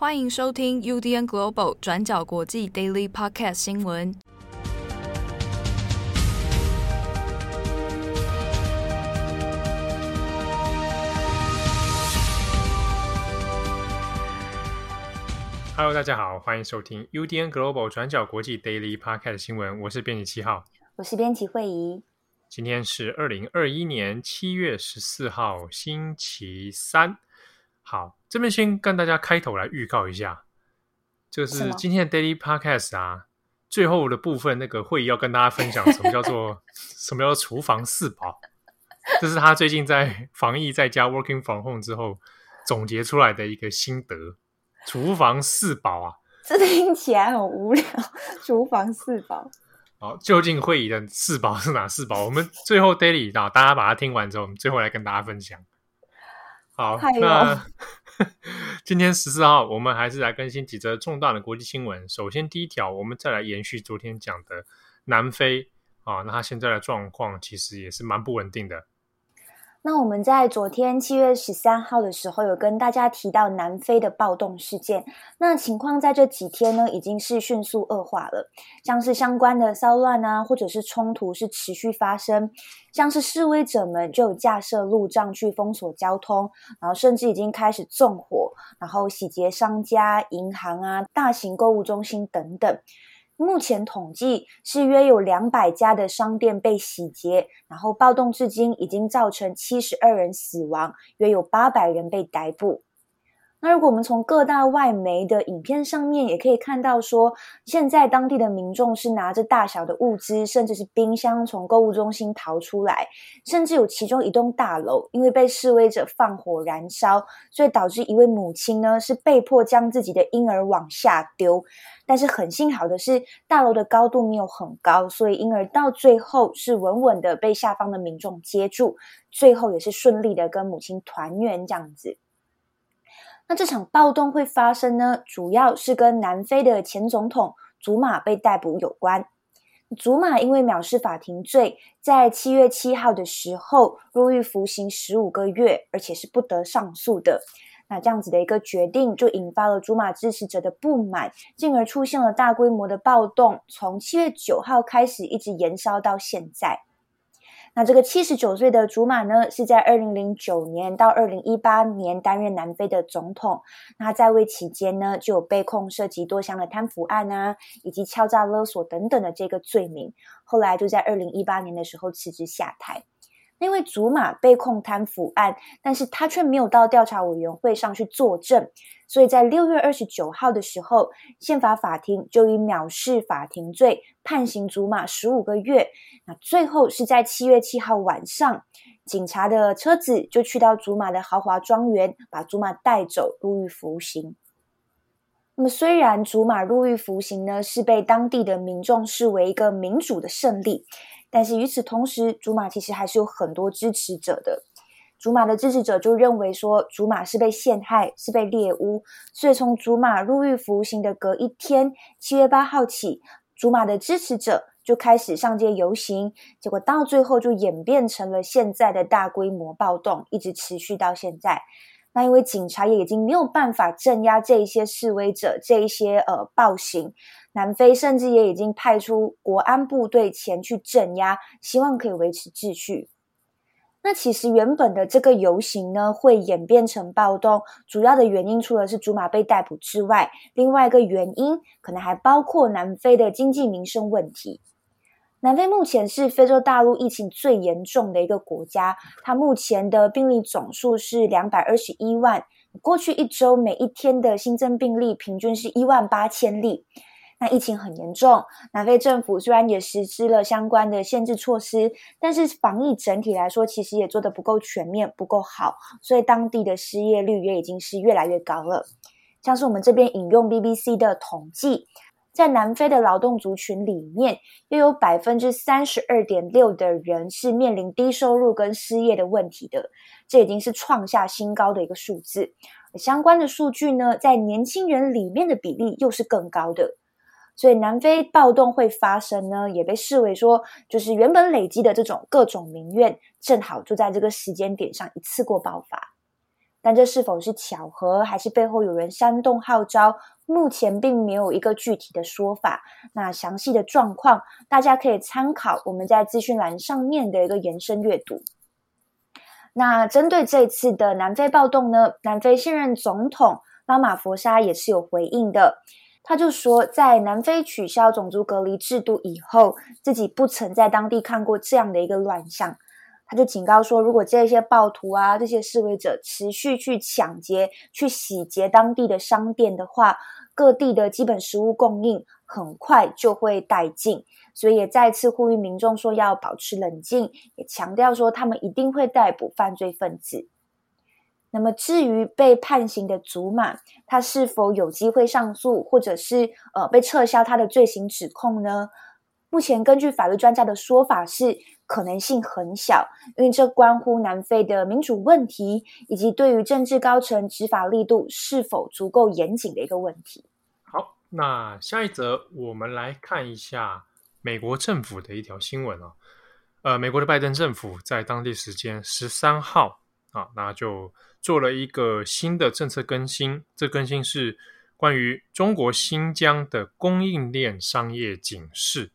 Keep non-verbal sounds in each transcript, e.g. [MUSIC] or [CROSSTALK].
歡迎收聽 UDN Global 轉角國際 Daily Podcast 新聞。Hello，大家好，歡迎收聽 UDN Global 轉角國際 Daily Podcast 新聞。我是編輯七號，我是編輯慧儀。今天是二零二一年七月十四號，星期三。好，這邊先跟大家開頭來預告一下，就是今天的 Daily Podcast 啊，最後的部分那個會議要跟大家分享什麼叫做 [LAUGHS] 什麼叫做廚房四寶，這是他最近在防疫在家 Working From Home 之後總結出來的一個心得。廚房四寶啊，這聽起來很無聊。廚房四寶，好，究竟會議的四寶是哪四寶？ [LAUGHS] 我們最後 Daily 啊，大家把它聽完之後，我們最後來跟大家分享。好，那、哎、 [LAUGHS] 今天十四號，我們還是來更新幾則重大的國際新聞。首先，第一條，我們再來延續昨天講的南非啊，那他現在的狀況其實也是蠻不穩定的。那我們在昨天七月十三號的時候，有跟大家提到南非的暴動事件。那情況在這幾天呢，已經是迅速惡化了，像是相關的騷亂啊，或者是衝突是持續發生，像是示威者們就有架設路障去封鎖交通，然後甚至已經開始縱火，然後洗劫商家、銀行啊、大型購物中心等等。目前統計是約有兩百家的商店被洗劫，然後暴動至今已經造成七十二人死亡，約有八百人被逮捕。那如果我們從各大外媒的影片上面，也可以看到說，現在當地的民眾是拿着大小的物資，甚至是冰箱從購物中心逃出來，甚至有其中一棟大樓因為被示威者放火燃燒，所以導致一位母親呢是被迫將自己的嬰兒往下丟。但是很幸好的是，大樓的高度沒有很高，所以嬰兒到最後是穩穩的被下方的民眾接住，最後也是順利的跟母親團圓這樣子。那這場暴動會發生呢？主要是跟南非的前總統祖馬被逮捕有關。祖馬因為藐視法庭罪，在七月七號的時候入獄服刑十五個月，而且是不得上訴的。那這樣子的一個決定，就引發了祖馬支持者的不滿，進而出現了大規模的暴動，從七月九號開始一直延燒到現在。那這個七十九歲的祖馬呢，是在二零零九年到二零一八年擔任南非的總統。那他在位期間呢，就有被控涉及多項的貪腐案啊，以及敲詐勒索等等的這個罪名。後來就在二零一八年的時候辭職下台。因為祖馬被控貪腐案，但是他卻沒有到調查委員會上去作證，所以在六月二十九號的時候，憲法法庭就以藐視法庭罪判刑祖馬十五個月。那最後是在七月七號晚上，警察的車子就去到祖馬的豪華莊園，把祖馬帶走入獄服刑。那麼雖然祖馬入獄服刑呢，是被當地的民眾視為一個民主的勝利。但是與此同時，祖馬其實還是有很多支持者的。祖馬的支持者就認為說，祖馬是被陷害，是被獵巫。所以從祖馬入獄服刑的隔一天，七月八號起，祖馬的支持者就開始上街遊行，結果到最後就演變成了現在的大規模暴動，一直持續到現在。那因為警察也已經沒有辦法鎮壓這一些示威者，這一些呃暴行。南非甚至也已經派出國安部隊前去鎮壓，希望可以維持秩序。那其實原本的這個遊行呢，會演變成暴動，主要的原因除了是祖馬被逮捕之外，另外一個原因可能還包括南非的經濟民生問題。南非目前是非洲大陸疫情最嚴重的一個國家，它目前的病例總數是兩百二十一萬，過去一周每一天的新增病例平均是一萬八千例。那疫情很嚴重，南非政府雖然也實施了相關的限制措施，但是防疫整體來說其實也做得不夠全面、不夠好，所以當地的失業率也已經是越來越高了。像是我們這邊引用 BBC 的統計，在南非的勞動族群裡面，又有百分之三十二點六的人是面臨低收入跟失業的問題的，這已經是創下新高的一個數字。相關的數據呢，在年輕人裡面的比例又是更高的。所以南非暴動會發生呢，也被視為說，就是原本累積的這種各種民怨，正好就在這個時間點上一次過爆發。但這是否是巧合，還是背後有人煽動號召？目前並沒有一個具體的說法。那詳細的狀況，大家可以參考我們在資訊欄上面的一個延伸閱讀。那針對這次的南非暴動呢，南非現任總統拉瑪佛沙也是有回應的。他就說，在南非取消種族隔離制度以後，自己不曾在當地看過這樣的一個亂象。他就警告說，如果這些暴徒啊、這些示威者持續去搶劫、去洗劫當地的商店的話，各地的基本食物供應很快就會殆盡。所以也再次呼籲民眾說要保持冷靜，也強調說他們一定會逮捕犯罪分子。那麼，至於被判刑的祖瑪，他是否有機會上訴，或者是呃被撤銷他的罪行指控呢？目前根據法律專家的說法是，是可能性很小，因為這關乎南非的民主問題，以及對於政治高層執法力度是否足夠嚴謹的一個問題。好，那下一則我們來看一下美國政府的一條新聞啊，呃，美國的拜登政府在當地時間十三號啊，那就。做了一個新的政策更新，這更新是關於中國新疆的供應鏈商業警示。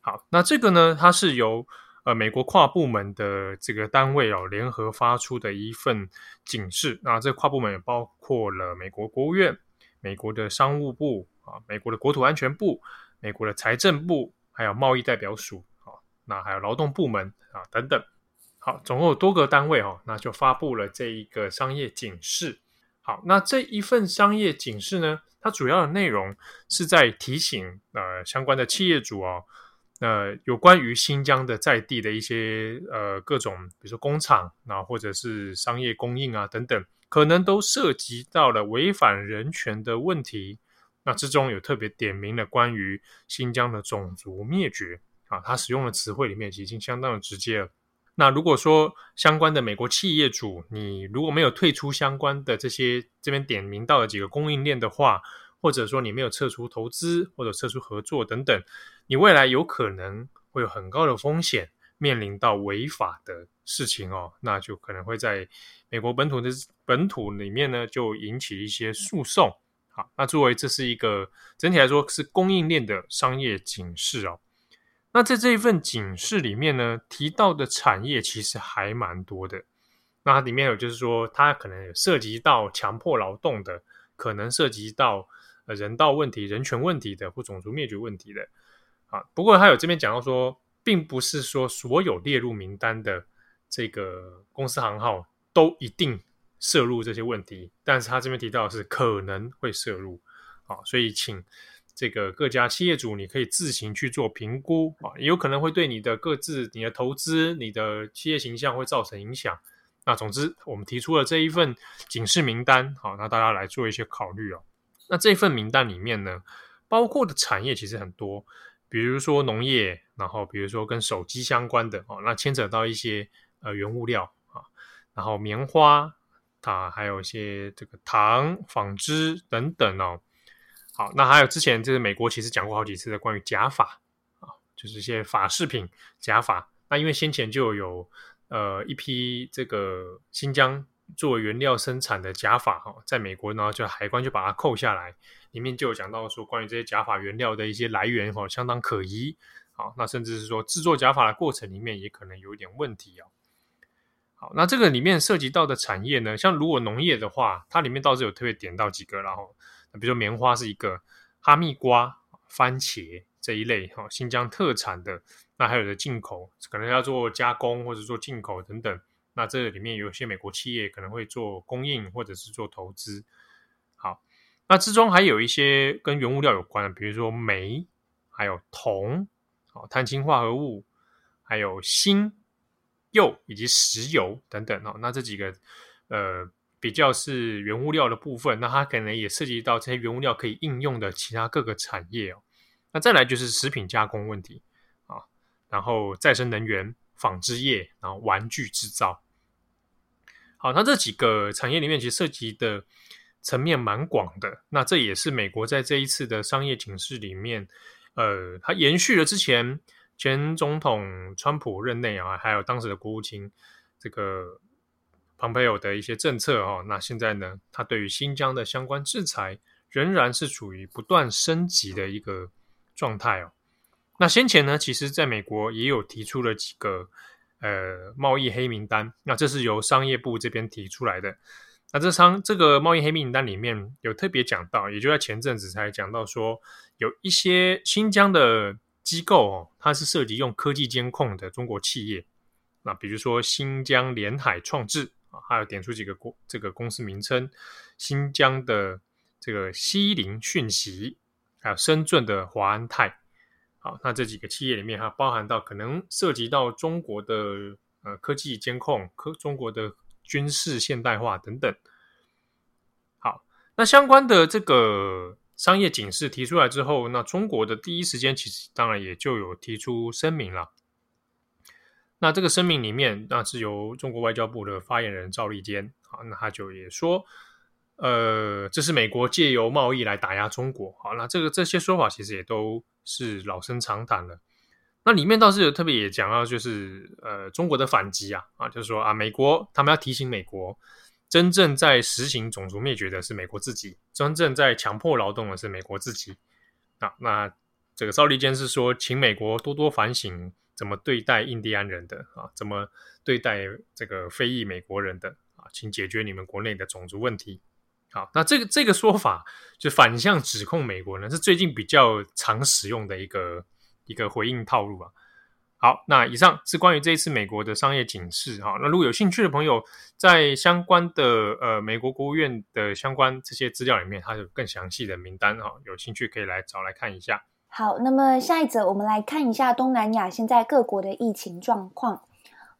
好，那這個呢，它是由呃美國跨部門的這個單位哦聯合發出的一份警示。那這跨部門也包括了美國國務院、美國的商務部啊、美國的國土安全部、美國的財政部，還有貿易代表署，啊，那還有勞動部門啊等等。好，總共有多個單位哦，那就發佈了這一個商業警示。好，那這一份商業警示呢，它主要的內容是在提醒呃相關的企業主哦，呃有關於新疆的在地的一些呃各種，比如說工廠啊，或者是商業供應啊等等，可能都涉及到了違反人權的問題。那之中有特別點名了關於新疆的種族滅絕啊，它使用的詞彙裡面已經相當的直接了。那如果說相關的美國企業主，你如果沒有退出相關的這些這邊點名到的幾個供應鏈的話，或者說你沒有撤出投資或者撤出合作等等，你未來有可能會有很高的風險，面臨到違法的事情哦，那就可能會在美國本土的本土裡面呢，就引起一些訴訟。好，那作為這是一個整體來說是供應鏈的商業警示哦。那在這一份警示裡面呢，提到的產業其實還蠻多的。那它裡面有就是說，它可能有涉及到強迫勞動的，可能涉及到人道問題、人權問題的，或種族滅絕問題的。啊，不過它有這邊講到說，並不是說所有列入名單的這個公司行號都一定涉入這些問題，但是它這邊提到的是可能會涉入。啊，所以請。這個各家企業主，你可以自行去做評估啊，也有可能會對你的各自、你的投資、你的企業形象會造成影響。那總之，我們提出了這一份警示名單，好，那大家來做一些考慮。那這份名單裡面呢，包括的產業其實很多，比如說農業，然後比如說跟手機相關的哦，那牽扯到一些呃原物料啊，然後棉花，它還有一些這個糖、紡織等等哦。好，那還有之前就是美國其實講過好幾次的關於假髮啊，就是一些髮飾品假髮。那因為先前就有呃一批這個新疆做原料生產的假髮哈，在美國，然後就海關就把它扣下來，裡面就有講到說，關於這些假髮原料的一些來源哈，相當可疑。好，那甚至是說，製作假髮的過程裡面也可能有點問題啊。好，那這個裡面涉及到的產業呢，像如果農業的話，它裡面倒是有特別點到幾個然後。比如說棉花、是一個哈密瓜、番茄這一類哈、哦、新疆特產的，那還有的進口，可能要做加工或者是做進口等等。那這裡面有些美國企業可能會做供應或者是做投資。好，那之中還有一些跟原物料有關的，比如說煤，還有銅，哦、碳氫化合物，還有鋅、鈾以及石油等等哦。那這幾個呃。比較是原物料的部分，那它可能也涉及到這些原物料可以應用的其他各個產業哦。那再來就是食品加工問題啊，然後再生能源、紡織業，然後玩具製造。好，那這幾個產業裡面其實涉及的層面蠻廣的。那這也是美國在這一次的商業警示裡面，呃，它延續了之前前總統川普任內啊，還有當時的國務卿這個。蓬佩奧的一些政策哦，那現在呢，他對於新疆的相關制裁，仍然是處於不斷升級的一個狀態哦。那先前呢，其實在美國也有提出了幾個呃貿易黑名單，那這是由商業部這邊提出來的。那這商這個貿易黑名單裡面有特別講到，也就在前陣子才講到說，有一些新疆的機構哦，它是涉及用科技監控的中國企業，那比如說新疆聯海創智。還有點出幾個公，這個公司名稱，新疆的這個西林訊息，還有深圳的華安泰。好，那這幾個企業裡面，還，包含到可能涉及到中國的呃科技監控、科中國的軍事現代化等等。好，那相關的這個商業警示提出來之後，那中國的第一時間其實當然也就有提出聲明了。那這個聲明裡面，那是由中國外交部的發言人趙立堅啊，那他就也說，呃，這是美國借由貿易來打壓中國，好，那這個這些說法其實也都是老生常談了。那裡面倒是有特別也講到，就是呃，中國的反擊啊啊，就是說啊，美國他們要提醒美國，真正在實行種族滅絕的是美國自己，真正在強迫勞動的是美國自己啊。那這個趙立堅是說，請美國多多反省。怎麼對待印第安人的啊？怎麼對待這個非裔美國人的？的啊，請解決你們國內的種族問題。好，那這個這個說法就反向指控美國呢，是最近比較常使用的一個一個回應套路吧。好，那以上是關於這一次美國的商業警示。哈、啊，那如果有興趣的朋友，在相關的呃美國國務院的相關這些資料裡面，它有更詳細的名單。哈、啊，有興趣可以來找來看一下。好，那麼下一則，我們來看一下東南亞現在各國的疫情狀況。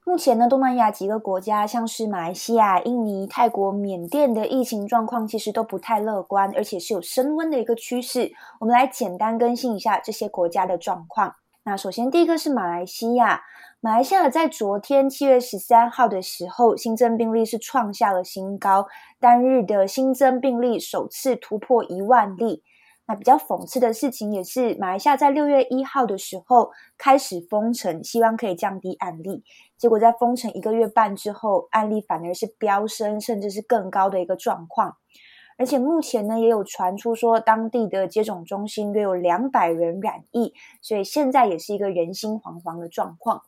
目前呢，東南亞幾個國家，像是馬來西亞、印尼、泰國、緬甸的疫情狀況其實都不太樂觀，而且是有升溫的一個趨勢。我們來簡單更新一下這些國家的狀況。那首先第一個是馬來西亞，馬來西亞在昨天七月十三號的時候，新增病例是創下了新高，單日的新增病例首次突破一萬例。那比較諷刺的事情也是，馬來西亞在六月一號的時候開始封城，希望可以降低案例，結果在封城一個月半之後，案例反而是飆升，甚至是更高的一個狀況。而且目前呢，也有傳出說當地的接種中心約有兩百人染疫，所以現在也是一個人心惶惶的狀況。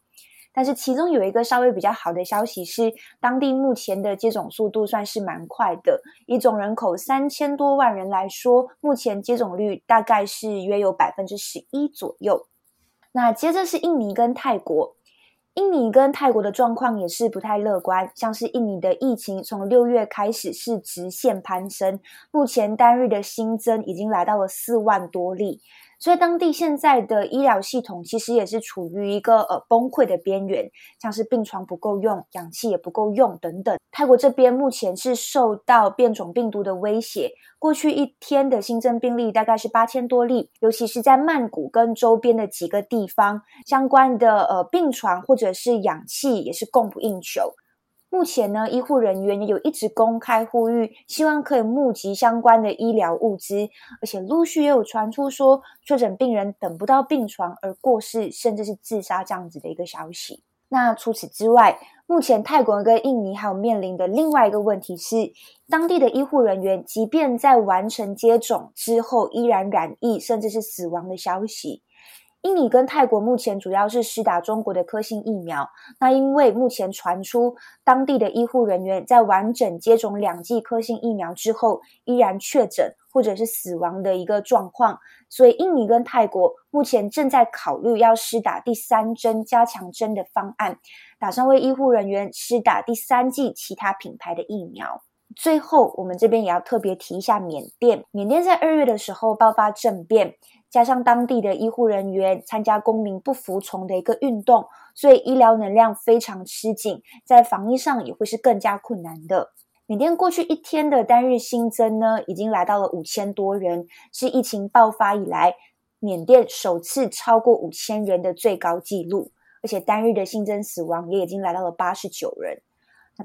但是其中有一個稍微比較好的消息是，當地目前的接種速度算是蠻快的。以總人口三千多萬人來說，目前接種率大概是約有百分之十一左右。那接着是印尼跟泰國，印尼跟泰國的狀況也是不太樂觀。像是印尼的疫情從六月開始是直線攀升，目前單日的新增已經來到了四萬多例。所以當地現在的醫療系統其實也是處於一個，呃，崩潰的邊緣，像是病床不夠用、氧氣也不夠用等等。泰國這邊目前是受到變種病毒的威脅，過去一天的新增病例大概是八千多例，尤其是在曼谷跟周邊的幾個地方，相關的，呃，病床或者是氧氣也是供不應求。目前呢，醫護人員也有一直公開呼籲，希望可以募集相關的醫療物資，而且陸續也有傳出說，確診病人等不到病床而過世，甚至是自殺這樣子的一個消息。那除此之外，目前泰國跟印尼還有面臨的另外一個問題是，當地的醫護人員即便在完成接種之後，依然染疫甚至是死亡的消息。印尼跟泰國目前主要是施打中國的科興疫苗，那因為目前傳出當地的醫護人員在完整接種兩劑科興疫苗之後依然確診或者是死亡的一個狀況，所以印尼跟泰國目前正在考慮要施打第三針加強針的方案，打算為醫護人員施打第三劑其他品牌的疫苗。最後，我們這邊也要特別提一下緬甸，緬甸在二月的時候爆發政變。加上當地的醫護人員參加公民不服從的一個運動，所以醫療能量非常吃緊，在防疫上也會是更加困難的。緬甸過去一天的單日新增呢，已經來到了五千多人，是疫情爆發以來，緬甸首次超過五千人的最高紀錄，而且單日的新增死亡也已經來到了八十九人。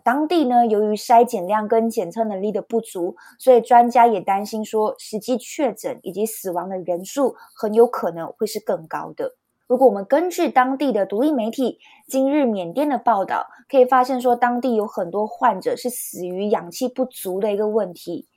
當地呢，由於篩檢量跟檢測能力的不足，所以專家也擔心說，實際確診以及死亡的人數很有可能會是更高的。如果我們根據當地的獨立媒體，今日緬甸的報道，可以發現說，當地有很多患者是死於氧氣不足的一個問題。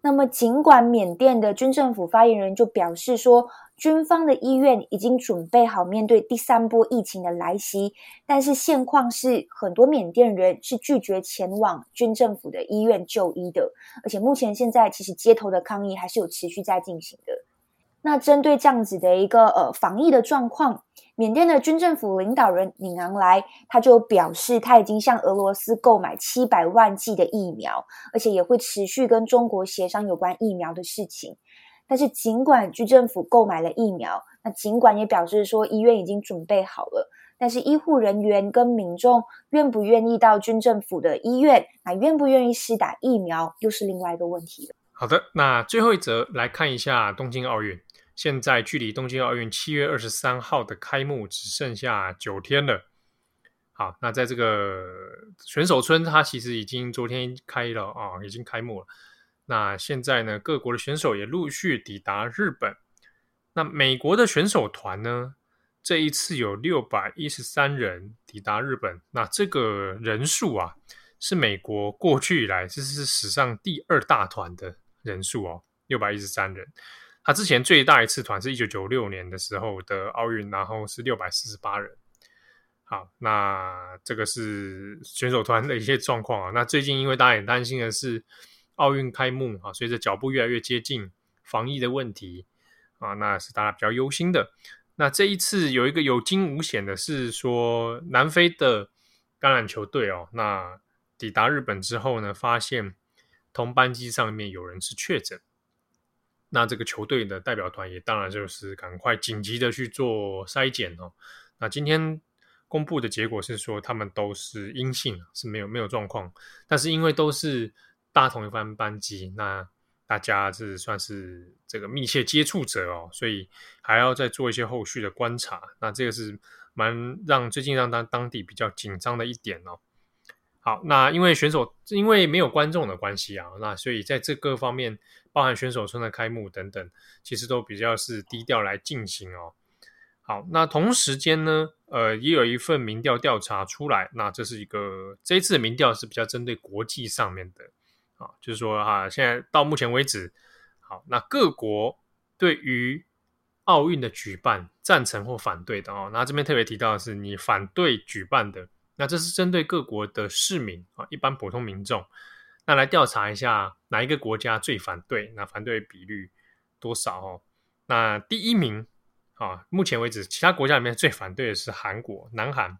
那麼，儘管緬甸的軍政府發言人就表示說，軍方的醫院已經準備好面對第三波疫情的來襲，但是現況是很多緬甸人是拒絕前往軍政府的醫院就醫的，而且目前現在其實街頭的抗議還是有持續在進行的。那針對這樣子的一個呃防疫的狀況，緬甸的軍政府領導人敏昂萊他就表示，他已經向俄羅斯購買七百萬劑的疫苗，而且也會持續跟中國協商有關疫苗的事情。但是，儘管軍政府購買了疫苗，那儘管也表示說醫院已經準備好了，但是醫護人員跟民眾願不願意到軍政府的醫院，那、啊、願不願意施打疫苗，又是另外一個問題了。好的，那最後一則來看一下東京奧運，現在距離東京奧運七月二十三號的開幕只剩下九天了。好，那在這個選手村，它其實已經昨天開了啊、哦，已經開幕了。那現在呢，各國的選手也陸續抵達日本。那美國的選手團呢，這一次有六百一十三人抵達日本。那這個人數啊，是美國過去以來，這是史上第二大團的人數哦，六百一十三人。他之前最大一次團是一九九六年的時候的奧運，然後是六百四十八人。好，那這個是選手團的一些狀況啊。那最近因為大家很擔心的是。奧運開幕啊，隨着腳步越來越接近，防疫的問題啊，那是大家比較憂心的。那這一次有一個有驚無險的是說，南非的橄欖球隊哦，那抵達日本之後呢，發現同班機上面有人是確診，那這個球隊的代表團也當然就是趕快緊急的去做篩檢哦。那今天公布的結果是說，他們都是陰性，是沒有沒有狀況，但是因為都是。大同一班班機，那大家是算是這個密切接觸者哦，所以還要再做一些後續的觀察。那這個是蠻讓最近讓他當地比較緊張的一點哦。好，那因為選手因為沒有觀眾的關係啊，那所以在這個方面，包含選手村的開幕等等，其實都比較是低調來進行哦。好，那同時間呢，呃，也有一份民調調查出來，那這是一個這一次的民調是比較針對國際上面的。啊，就是說啊，現在到目前為止，好，那各國對於奧運的舉辦贊成或反對的哦，那這邊特別提到的是，你反對舉辦的，那這是針對各國的市民啊，一般普通民眾，那來調查一下哪一個國家最反對，那反對比率多少哦？那第一名啊，目前為止其他國家裡面最反對的是韓國，南韓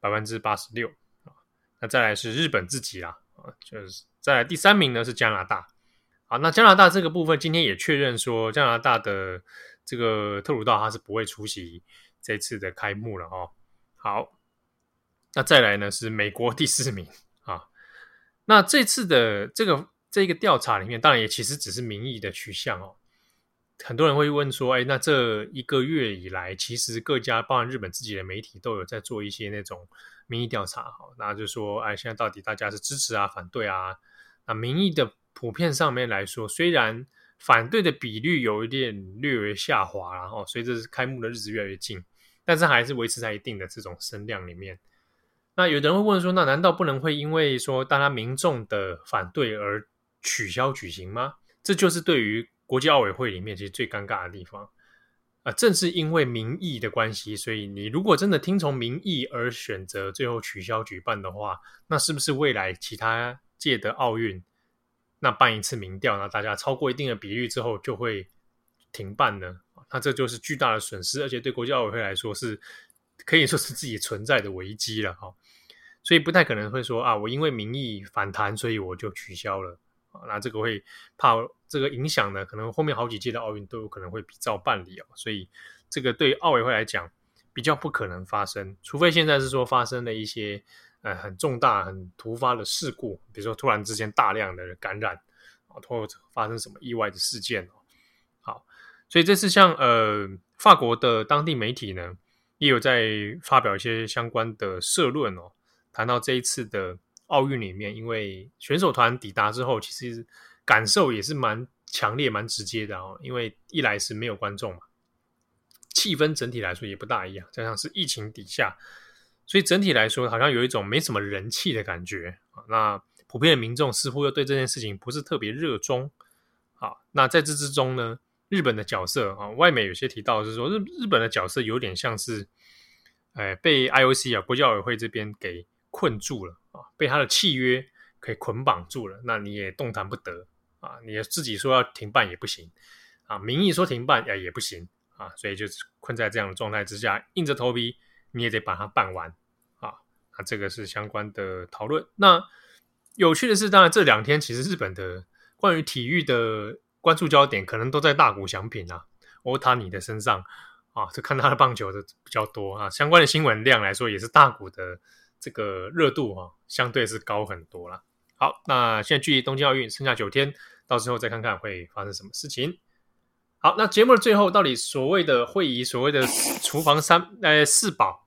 百分之八十六啊，那再來是日本自己啦啊，就是。再來第三名呢是加拿大，好，那加拿大這個部分今天也確認說加拿大的這個特魯道他是不會出席這次的開幕了哦。好，那再來呢是美國第四名啊。那這次的這個這個調查裡面，當然也其實只是民意的取向哦。很多人會問說，哎，那這一個月以來，其實各家包含日本自己的媒體都有在做一些那種民意調查，好，那就說，哎，現在到底大家是支持啊、反對啊？啊，民意的普遍上面來說，雖然反對的比率，有一點略微下滑，啊，然後隨着開幕的日子越來越近，但是還是維持在一定的這種聲量裡面。那有的人會問說，那難道不能會因爲說大家民衆的反對而取消舉行嗎？這就是對於國際奧委會裡面其實最尷尬的地方啊。正是因爲民意的關係，所以你如果真的聽從民意而選擇最後取消舉辦的話，那是不是未來其他？屆的奧運，那辦一次民調，那大家超過一定的比率之後就會停辦呢？那這就是巨大的損失，而且對國際奧委會來說是可以說是自己存在的危機了哈。所以不太可能會說啊，我因為民意反彈，所以我就取消了啊。那這個會怕這個影響呢，可能後面好幾屆的奧運都有可能會比照辦理。所以這個對奧委會來講比較不可能發生，除非現在是說發生了一些。呃，很重大、很突發的事故，比如說突然之間大量的感染啊、哦，或者發生什麼意外的事件哦。好，所以這次像呃法國的當地媒體呢，也有在發表一些相關的社論哦，談到這一次的奧運裡面，因為選手團抵達之後，其實感受也是蠻強烈、蠻直接的哦，因為一來是沒有觀眾嘛，氣氛整體來說也不大一樣，加上是疫情底下。所以整體來說，好像有一種沒什麼人氣的感覺啊。那普遍的民眾似乎又對這件事情不是特別熱衷啊。那在這之中呢，日本的角色啊，外媒有些提到的是說，日日本的角色有點像是，哎，被 IOC 啊，國際奧委會這邊給困住了啊，被他的契約給捆綁住了，那你也動彈不得啊。你自己說要停辦也不行啊，民意說停辦哎也不行啊，所以就困在這樣的狀態之下，硬着頭皮你也得把它辦完。啊、這個是相關的討論。那有趣的是，當然這兩天其實日本的關於體育的關注焦點可能都在大谷翔平啊、歐塔尼的身上啊，就看他的棒球的比較多啊。相關的新聞量來說，也是大谷的這個熱度啊，相對是高很多了。好，那現在距離東京奧運剩下九天，到時候再看看會發生什麼事情。好，那節目的最後，到底所謂的會議，所謂的廚房三呃四寶，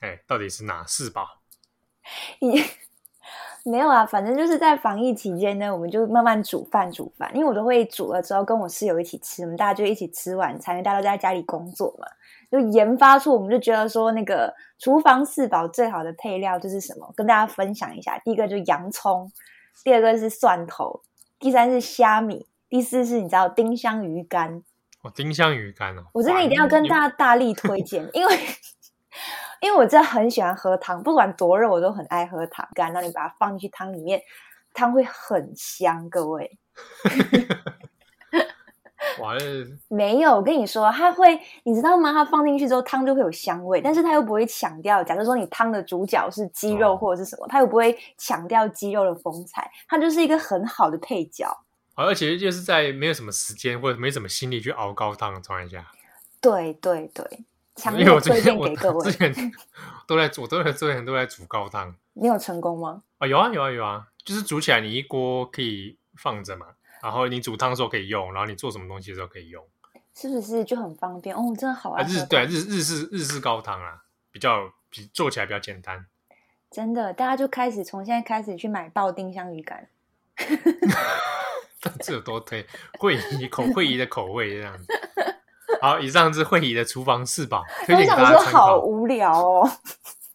哎，到底是哪四寶？你 [LAUGHS] 沒有啊？反正就是在防疫期間呢，我們就慢慢煮飯煮飯，因為我都會煮了之後跟我室友一起吃，我們大家就一起吃晚餐。大家都在家裡工作嘛，就研發出我們就覺得說，那個廚房四寶最好的配料就是什麼？跟大家分享一下，第一個就洋蔥，第二個是蒜頭，第三是蝦米，第四是你知道丁香魚乾。哦，丁香魚乾哦，我真的一定要跟大家大力推薦，啊、因為。 [LAUGHS] 因為我真的很喜歡喝湯，不管多熱，我都很愛喝湯干。然後你把它放進去湯裡面，湯會很香。各位，完 [LAUGHS] 了 [LAUGHS] 沒有？我跟你說，它會，你知道嗎？它放進去之後，湯就會有香味，但是它又不會強調。假如說你湯的主角是雞肉或者是什麼，哦，它又不會強調雞肉的風采，它就是一個很好的配角。哦、而且就是在沒有什麼時間或者沒什麼心力去熬高湯的情況下，對對對。對因為我最近，我之前都在煮 [LAUGHS] 我都有都在煮高湯，你有成功嗎？哦，有啊，有啊有啊有啊，就是煮起來你一鍋可以放着嘛，然後你煮湯的時候可以用，然後你做什麼東西的時候可以用，是不是，是就很方便？哦，真的好啊！日對日日式日式高湯啊，比較比做起來比較簡單，真的，大家就開始從現在開始去買爆丁香魚乾，這有多推惠姨口惠姨的口味這樣子。好，以上是惠儀的廚房四寶，推薦大家參考。好無聊哦，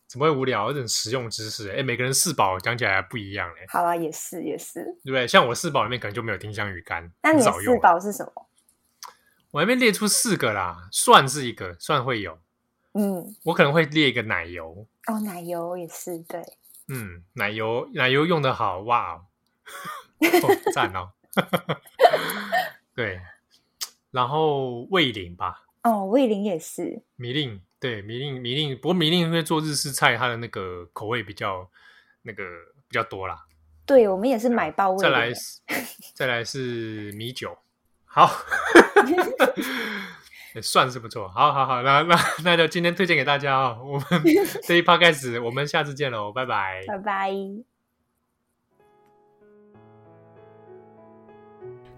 怎麼會無聊？這點實用知識、欸，哎、欸，每個人四寶講起來不一樣嘞、欸。好啦、啊，也是也是，對不對？像我四寶裡面可能就沒有丁香魚乾，那你四寶是什麼？我還沒列出四個啦，蒜是一個，蒜會有。嗯，我可能會列一個奶油。哦，奶油也是對。嗯，奶油，奶油用的好，哇，讚 [LAUGHS] 哦。讚哦 [LAUGHS] 對。然後味淋吧，哦，味淋也是。米令，對，米令，米令。不過米令因為做日式菜，它的那個口味比較那個比較多啦。對，我們也是買包的。到。再來，再來是米酒， [LAUGHS] 好，也、 [LAUGHS] 欸、算是不錯。好，好，好，好，那那那就今天推薦給大家哦。我們 [LAUGHS] 這一趴開始，我們下次見嘍，拜拜，拜拜。